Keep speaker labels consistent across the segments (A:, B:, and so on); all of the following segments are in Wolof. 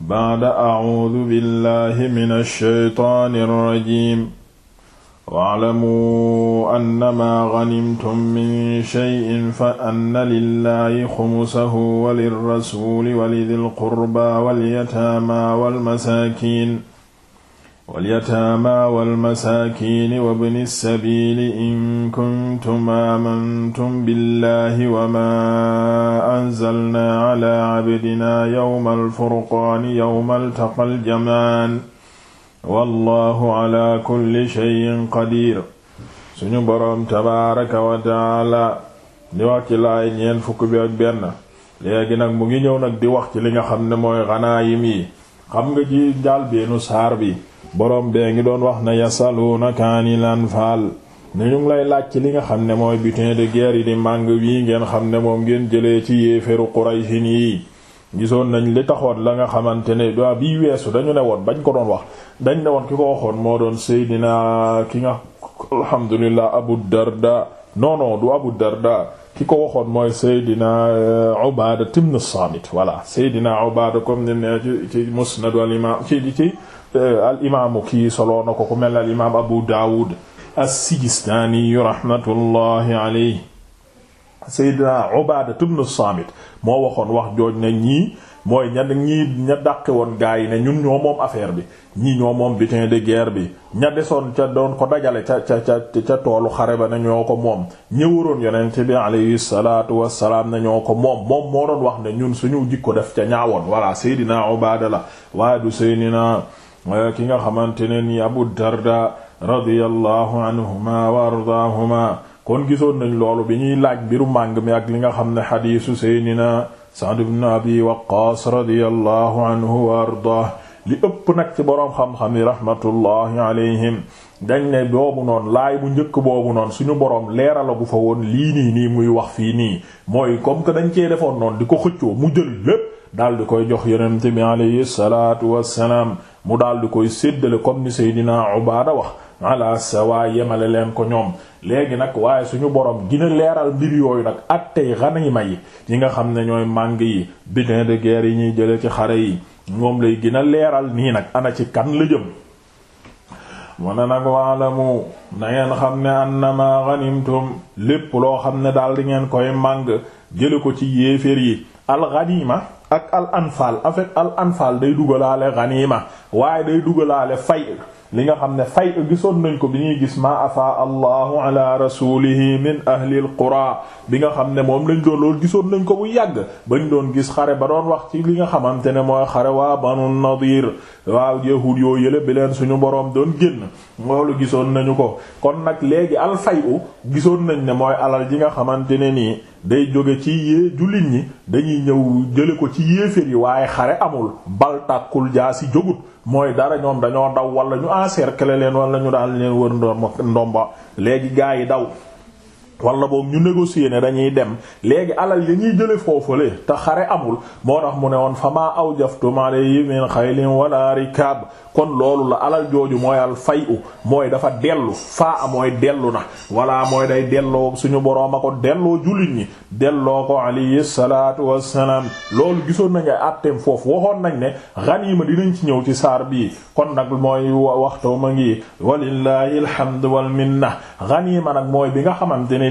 A: baada acuudu billahi min alsheytaani alrajim waclamuu annamaa ganimtum min sheyin fa anna lillahi xumusahu walirrasuuli walidilqurbaa walyataamaa walmasaakiin walyataama walmasaakini wabni sabiili in kuntum aamantum billahi wama anzalna ala abdina yawma alfurqaani yawma altaqa aljamaan wallahu ala kulli shay'in qadir suñu boroom tabaaraka wa taala di wax ci laay ñeent fukk bi ak benn léegi nag mu ngi ñëw nag di wax ci li nga xam ne mooy xanaayim yi xam nga ji jàlbeenu saar bi borom bee ngi doon wax na yasaluunaka anil anfaal ne ñu ngi lay laaj ci li nga xam ne mooy butin de guerre yi di màng wii ngeen xam ne moom ngeen jëlee ci yéeféru Quraysin yi gisoon nañ li taxoon la nga xamante ne daa bii weesu dañu ne woon bañ ko doon wax dañ ne woon ki ko waxoon moo doon Seydina ki nga alhamdulillah Abu Darda non non du Abu Darda ki ko waxoon mooy Seydina euh, Ubaada ibn Saamit voilà Seydina Ubaada comme ni ne ci ci Musnad al Imaam ci ci Euh, al imaamu kii soloo na ko ku mel ne al imaam Abu Daawud as-Sijistaani rahmatullahi alayhi Seydina Ubaada ibn Saamit moo waxoon wax jooj na ñii mooy ña ñii ña dàqe woon gaa yi ne ñun ñoo moom affaire bi ñii ñoo moom butin de guerre bi ña desoon ca doon ko dajale ca ca toolu xare ba na ñoo ko moom ñëwaroon yonent bi alayhi salaatu wassalaam ne ñoo ko moom moom moo doon wax ne ñun suñu jikko def ca ñaawoon voilà Seydina Ubaada la waaye du Seydina ki nga xamante ne ni Abu Darda radiyallahu anhuma wa ardaahuma kon gisoon nañ loolu bi ñuy laaj mbiru màng mi ak li nga xam ne xadiisu seydina Sa'd ibn Abi Waqqaas radiyallahu anhu wa ardaah li ëpp nag ci boroom xam-xam yi rahmatullahi alayhim dañ ne boobu noonu laay bu njëkk boobu noon suñu boroom leerala gu fa woon lii nii nii muy wax fii nii mooy comme que dañ cee defoon noonu di ko xëccoo mu jël lépp daal di koy jox yonent bi alayhi wa wassalaam mu daal di koy séddale comme ni Seydina Ubaada wax ala sawa yemale leen ko ñoom léegi nag waaye suñu borom gina leeral mbir yooyu nag ak tey xaniima yi yi nga xam ne ñooy màng yi butin de guerre yi ñuy jële ci xare yi moom lay gën a leeral nii nag ana ci kan la jëm mu ne nag waalamu na ngeen xam ne annama ghanimtum lépp loo xam ne daal ngeen koy màng jële ko ci yéeféer yi alxaniima ak al anfaal en fait al anfaal day dugalaale ganiima waaye day dugalaale fay li nga xam ne fay gisoon nañ ko bi ñuy gis ma afa allahu ala rasulihi min ahlil qura bi nga xam ne moom lañ doon loolu gisoon nañ ko bu yàgg ba ñu doon gis xare ba doon wax ci li nga xamante ne mooy xare waa banu nadir waaw yahud yoo yële bi leen suñu boroom doon génn loolu gisoon nañu ko kon nag léegi al fay u gisoon nañ ne mooy alal ji nga xamante ne nii day jóge ci yée jullit ñi dañuy ñëw jële ko ci yéefér yi waaye xare amul bal tàkkul jaa si jógut mooy dara ñoom dañoo daw wala ñu encercler leen wala ñu daal leen wër ndomba léegi gaa yi daw wala boog ñu négocier ne dañuy dem léegi alal ya ñuy jële foofale te xare amul moo tax mu ne woon famaa awjaftum alayhi min xaylin wala rikaab kon loolu la alal jooju mooy al fay u mooy dafa dellu faa mooy dellu na wala mooy day delloo suñu boroom a ko delloo jullit ñi delloo ko alayhi salaatu wassalaam loolu gisoon nañ ay àtteem foofu waxoon nañ ne ganiima dinañ ci ñëw ci saar bii kon nag mooy waxtoo a ngi walillahi alhamdu wal minna ganiima nag mooy bi nga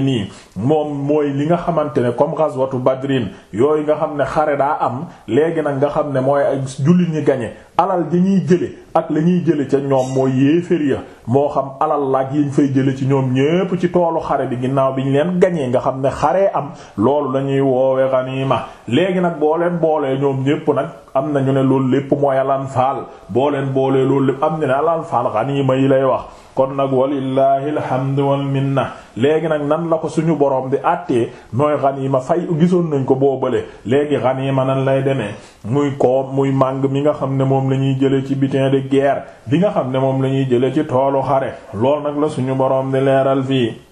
A: ne nii moom mooy li nga xamante ne comme ghazwatu badrin yooyu nga xam ne xare daa am léegi nag nga xam ne mooy ak jullit ñi gañe alal ji ñuy jële ak la ñuy jële ca ñoom mooy yéefér ya moo xam alal laaj yiñ fay jële ci ñoom ñépp ci toolu xare bi ginnaaw bi ñu leen gañee nga xam ne xaree am loolu la ñuy woowe ganima léegi nag boo leen boolee ñoom ñépp nag am na ñu ne loolu lépp mooy alanfaal boo leen boolee loolu lépp am na ne alanfaal ganima yi lay wax kon nag walillahi alhamdu wal minna léegi nag nan la ko suñu borom di àttee nooy ma fay gisoon nañ ko boobale léegi ma nan lay demee muy koom muy màng mi nga xam ne moom la ñuy jële ci butin de guerre bi nga xam ne moom la ñuy jële ci toolu xare lool nag la suñu borom di leeral fii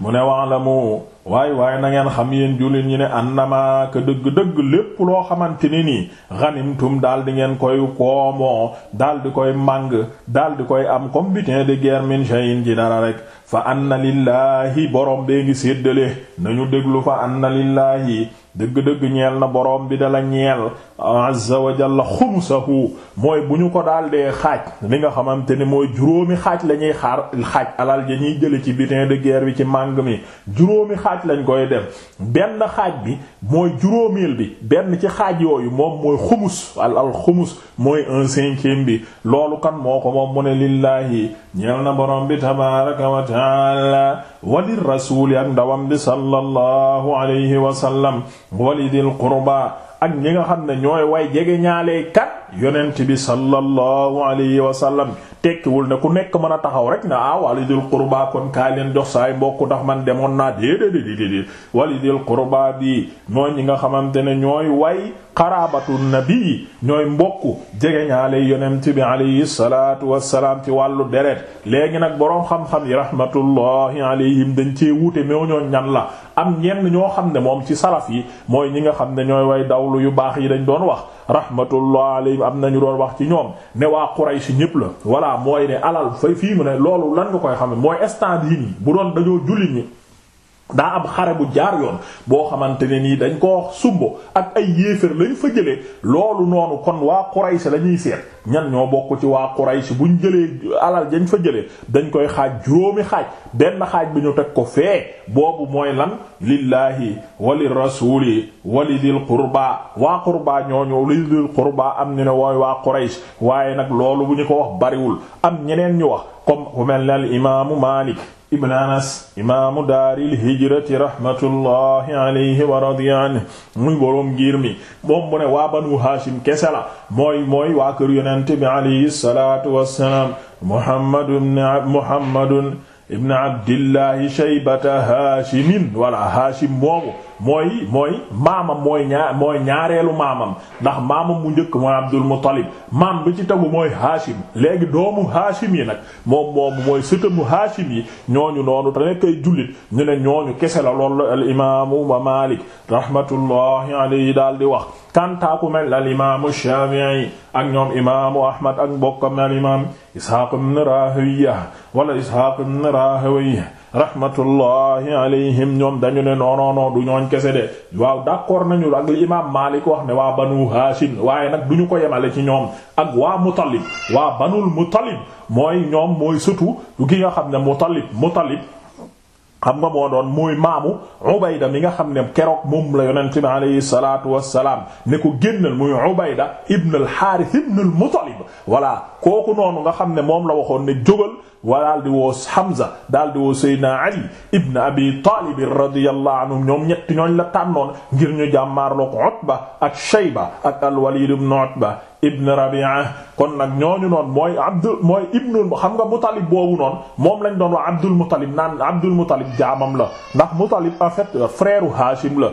A: mu ne mu waay waay na ngeen xam yéen jullit ñi ne ma ka dëgg-dëgg lépp loo xamante ni nii ghanimtum daal di ngeen koy koomoo daal di koy màng daal di koy am comme butin de guerre min shay'in ji dara rek fa anna lillaahi borom bee ngi séddale nañu déglu fa anna lillaahi dëgg-dëgg ñeel na borom bi dala ñeel azza wa jalla xumsahu mooy bu ñu ko daal xaaj li nga xamante ne mooy juróomi xaaj la ñuy xaar xaaj alal ja ñuy jële ci butin de guerre bi ci màng mi juróomi xaaj lañ koy def benn xaaj bi mooy juróomil bi benn ci xaaj yooyu moom mooy xumus al al xumus mooy un cinquième bi loolu kan moo ko moom mu ne lillaahi ñeel na borom bi tabaraka wa taala walir rasuli ak ndawam bi sallallahu alayhi wa walidil qurba ak ñi nga xam ne ñooy way jege ñaalee kat yonent bi sallallahu alayhi wa sallam tekkiwul ne ku nekk mën a taxaw rek ne ah walidil qurba kon kaay leen jox saay mbokk ndax man demoon naa déedéet déedéet walidil qurba bi ñooy ñi nga xamante ne ñooy way xaraabatu nabi ñooy mbokk jege ñaale yonent bi alayhi salaatu wassalaam ci wàllu deret léegi nag boroom xam-xam yi rahmatullahi alayhim dañ cee wuute moo ñoo ñan la am ñenn ñoo xam ne moom ci salaf yi mooy ñi nga xam ne ñooy way dawlu yu baax yi dañ doon wax rahmatullah alayhim am nañu doon wax ci ñoom ne waa Quraysh ñépp la voilà mooy ne alal fay fii mu ne loolu lan nga koy xam mooy instant bii nii bu doon dañoo jullit ñi daa am xare bu jaar yoon boo xamante ne nii dañ ko sumbo ak ay yéefér lañ fa jëlee loolu noonu kon waa Quraysh la ñuy seet ñan ñoo bokk ci waa Quraysh buñ jëlee alal dañ fa jëlee dañ koy xaaj juróomi xaaj benn xaaj bi ñu teg ko fee boobu mooy lan lillahi walil rasuli wali dil qurba waa qurba ñooñu li dil qurba am ñu ne wooy waa Quraysh waaye nag loolu bu ñu ko wax bariwul am ñeneen ñu wax comme ku mel ne al imaamu Maalik ibn anas imaamu daaril hijrati rahmatullahi alayhi wa radiya anhu muy boroom ngir mi moom mu ne waa banu haashim kese la mooy mooy waa kër yonente bi alayhi salaatu wassalaam muhammadu muhammadun ibn abdillahi shaybata haashimin wala haashim moomu mooy mooy maamam mooy ñaar mooy ñaareelu maamam ndax maamam mu njëkk mooy Abdul Muttalib maam bi ci tagu mooy Hashim léegi doomu Hashim yi nag moom moomu mooy sëtamu Hashim yi ñooñu noonu te nekk ay jullit ñu ne ñooñu kese la loolu al imaamu ba Maalik rahmatullahi alayhi daal di wax kantaaku mel al imaamu Shaafi'i ak ñoom imaamu Ahmad ak mbokkam al imaam Ishaaq ibn Raahawayh wala Ishaaq ibn Raahawayh rahmatullahi alayhim ñoom dañu ne noonoonoo du ñooñ kese de waaw d'accord nañu ak li imaam Maalik wax ne waa banu Haashim waaye nag duñu ko yemale ci ñoom ak waa Muttalib waa banul Muttalib mooy ñoom mooy surtout ki nga xam ne Muttalib Muttalib xam nga moo doon mooy maamu ubayda mi nga xam ne keroog moom la yonent bi alayhi salaatu wassalaam ne ko génnal muy ubayda ibn al-Harith ibn al-Muttalib voilà kooku noonu nga xam ne moom la waxoon ne jógal wa daal di woo Hamza daal di woo Seydina Ali ibn Abi Talib radiyallahu anhum ñoom ñett ñooñ la tànnoon ngir ñu jàmmaarloog Utba ak Shayba ak al-Walid ibn Utba ibn Rabi'a kon nag ñooñu noonu mooy Abdul mooy ibnu xam nga Mutalib boobu noonu moom lañ doon wax Abdul Mutalib naan Abdul Mutalib jaamam la ndax Mutalib en fait euh, frère Hashim la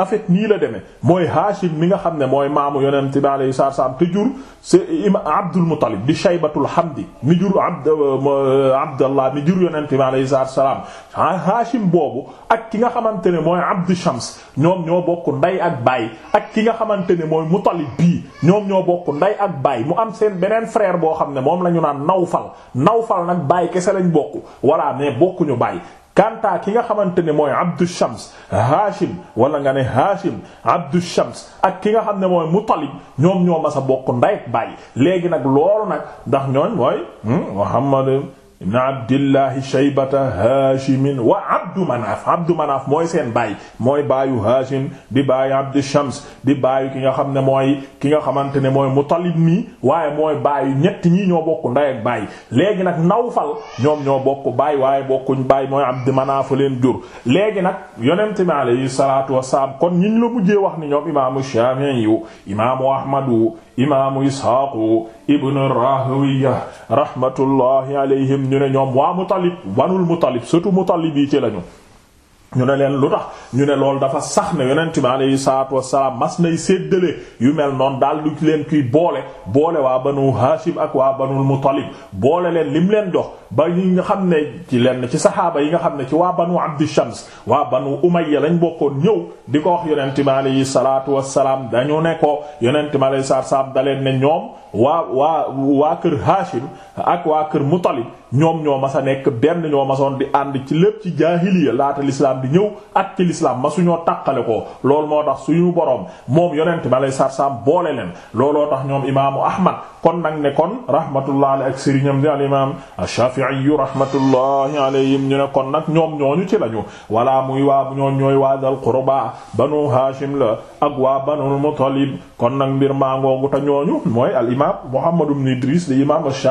A: en fait nii la demee mooy Hashim mi nga xam ne mooy maamu yonent bi alayhi salaatu salaam te jur c'est Abdul Muttalib di Shaybatul Hamdi mi jur Abd euh, euh, Abdallah mi jur yonent bi alayhi salaatu salaam ah, Hashim boobu ak ki nga xamante ne mooy Abdu Shams ñoom ñoo bokk nday ak baay ak ki nga xamante ne mooy Muttalib bii ñoom ñoo bokk nday ak baay mu am seen beneen frère boo xam ne moom la ñu naan Nawfal Nawfal nag baay kese lañ bokk voilà mais bokkuñu baay kanta ki nga xamante ne mooy Abdu Shams Hashim wala nga ne Hashim Abdu Shams ak ki nga xam ne mooy Mutalib ñoom ñoo mas a bokk ndey ak baay léegi nag loolu nag ndax ñooñ mooy hmm, Muhammad ibn abdillahi shaybata haashimin wa abdu manaaf abdu manaaf mooy seen baay mooy baayu haashim di baayu abdu shams di baayu ki nga xam ne mooy ki nga xamante ne mooy mutalib nii waaye mooy baayu ñett ñii ñoo bokk ndey ak baay léegi nag nawfal ñoom ñoo bokk baay waaye bokkuñ baay mooy abdu manaafu leen jur léegi nag yonente bi alayhi salaatu wassalaam kon ñiñ la mujjee wax ni ñoom imaamu shaafi'i yu imaamu ahmadu imaamu ishaaqu ibnu rahawiya rahmatullahi alayhim ñu ne ñoom waa Mutalib wanul Mutalib surtout Mutalib yi ci lañu ñu ne leen lu tax ñu ne loolu dafa sax ne yonent bi alayhi salaatu wassalaam mas nay séddale yu mel noon daal du leen kiy boole boole waa banu Haashim ak waa banul Mutalib boole leen lim leen jox ba ñi nga xam ne ci leen ci saxaaba yi nga xam ne ci waa banu Abdi Shams waa banu Umayya lañ bokkoon ñëw di ko wax yonent bi alayhi salaatu wassalaam dañu ne ko yonent bi alayhi salaatu wassalaam da leen ne ñoom waa waa waa kër Haashim ak waa kër Mutalib ñoom ñoo sa nekk benn ñoo masoon di ànd ci lépp ci jaahiliya laata l'islam di ñëw ak ci l'islam masuñoo tàqale ko loolu moo tax suñu boroom moom yonent ma lay sarsam boole leen looloo tax ñoom imaamu ahmad kon nag ne kon rahmatullah ala ak sëriñam di al imam ash-Shafi'i rahmatullahi alayhim ñu ne kon nag ñoom ñooñu ci lañu wala muy waa ñoom ñooy waa dal qurba banu hashim la ak waa banul mutalib kon nag mbir maa ngoogu te ñooñu mooy al imam muhammad ibn idris di imam ash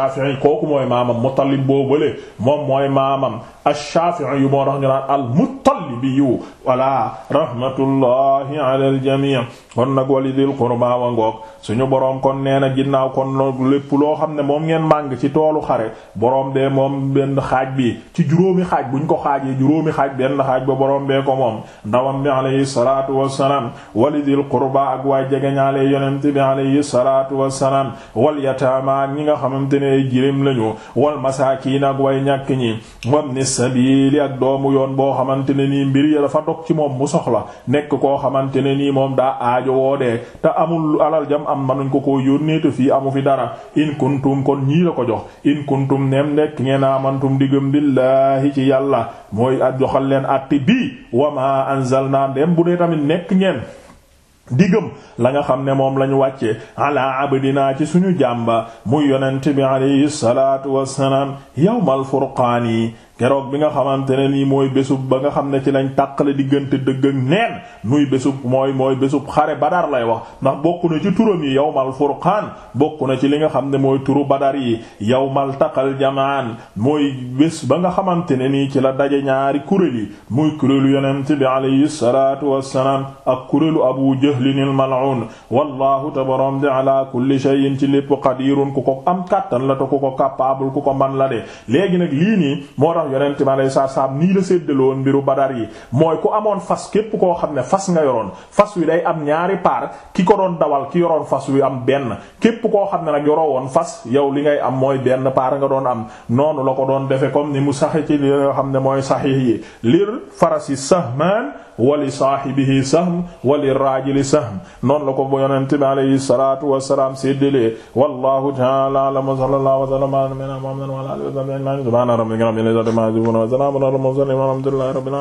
A: boobale moom mooy maamam ash-Shafi'i yu moo tax ñu naan al-Muttalibi yu wala rahmatullahi ala al-jami' kon nag walidil qurba wa ngoog suñu boroom kon nee na ginnaaw kon lépp loo xam ne moom ngeen màng ci toolu xare boroom de moom benn xaaj bi ci juróomi xaaj buñ ko xaaj xaajee juróomi xaaj benn xaaj ba boroom bee ko moom ndawam bi alayhi salaatu wassalaam walidil qurba ak waay jegeñaale yonent bi alayhi salaatu wassalaam wal yataama ak ñi nga xamante ne ay jirim lañu wal masaakiin ak way ñàkk ñi wabni sabiili ak doomu yoon boo xamante ne nii mbir ya dafa dog ci moom mu woo dee te amul alal jam am manuñ ko koo yónnee te fii amu fi dara in kuntum kon ñii la ko jox in kuntum nem nekk ngeen amantum diggam billaahi ci yàlla mooy a joxal leen atti bii wa ma anzalna dem bu dee tamit nekk ngeen digëm la nga xam ne moom lañu wàcce ala abdinaa ci suñu jàmba muy yonent bi alayhi salaatu wassalaam yawmal furqaani keroog bi nga xamante ne nii mooy bésub ba nga xam ne ci lañ la diggante dëgg ak neen muy besub mooy mooy bésub xare badar lay wax ndax bokk na ci turam yi yawmal furqaan bokku na ci li nga xam ne mooy turu badar yi yawmal taqal jamaan mooy bés ba nga xamante ne nii ci la daje ñaari kuréel yi muy kuréelu yonent bi alayhi salaatu wassalaam ak kuréelu abu jahlinil mal'un wallahu tabaram di ala kulli shay'in ci lépp qadirun ku ko am kàttan la te ku moo yonent ma lay saar saam nii la séddaloon mbiru badar yi mooy ku amoon fas képp koo xam ne fas nga yoroon fas wi day am ñaari paar ki ko doon dawal ki yoroon fas wi am benn képp koo xam ne nag yoroo woon fas yow li ngay am mooy benn paar nga doon am noonu la ko doon defe comme ni mu saxi ci li xam ne mooy saxiix yi lir farasi sahman wali saahibihi sahm wali raajili sahm noonu la ko ba yonente bi alayhi salatu wasalaam séddalee wallahu ta'ala a'lam wa sallallahu wa sallama ala nabiyyina muhammadin a Maazib ibn Maazib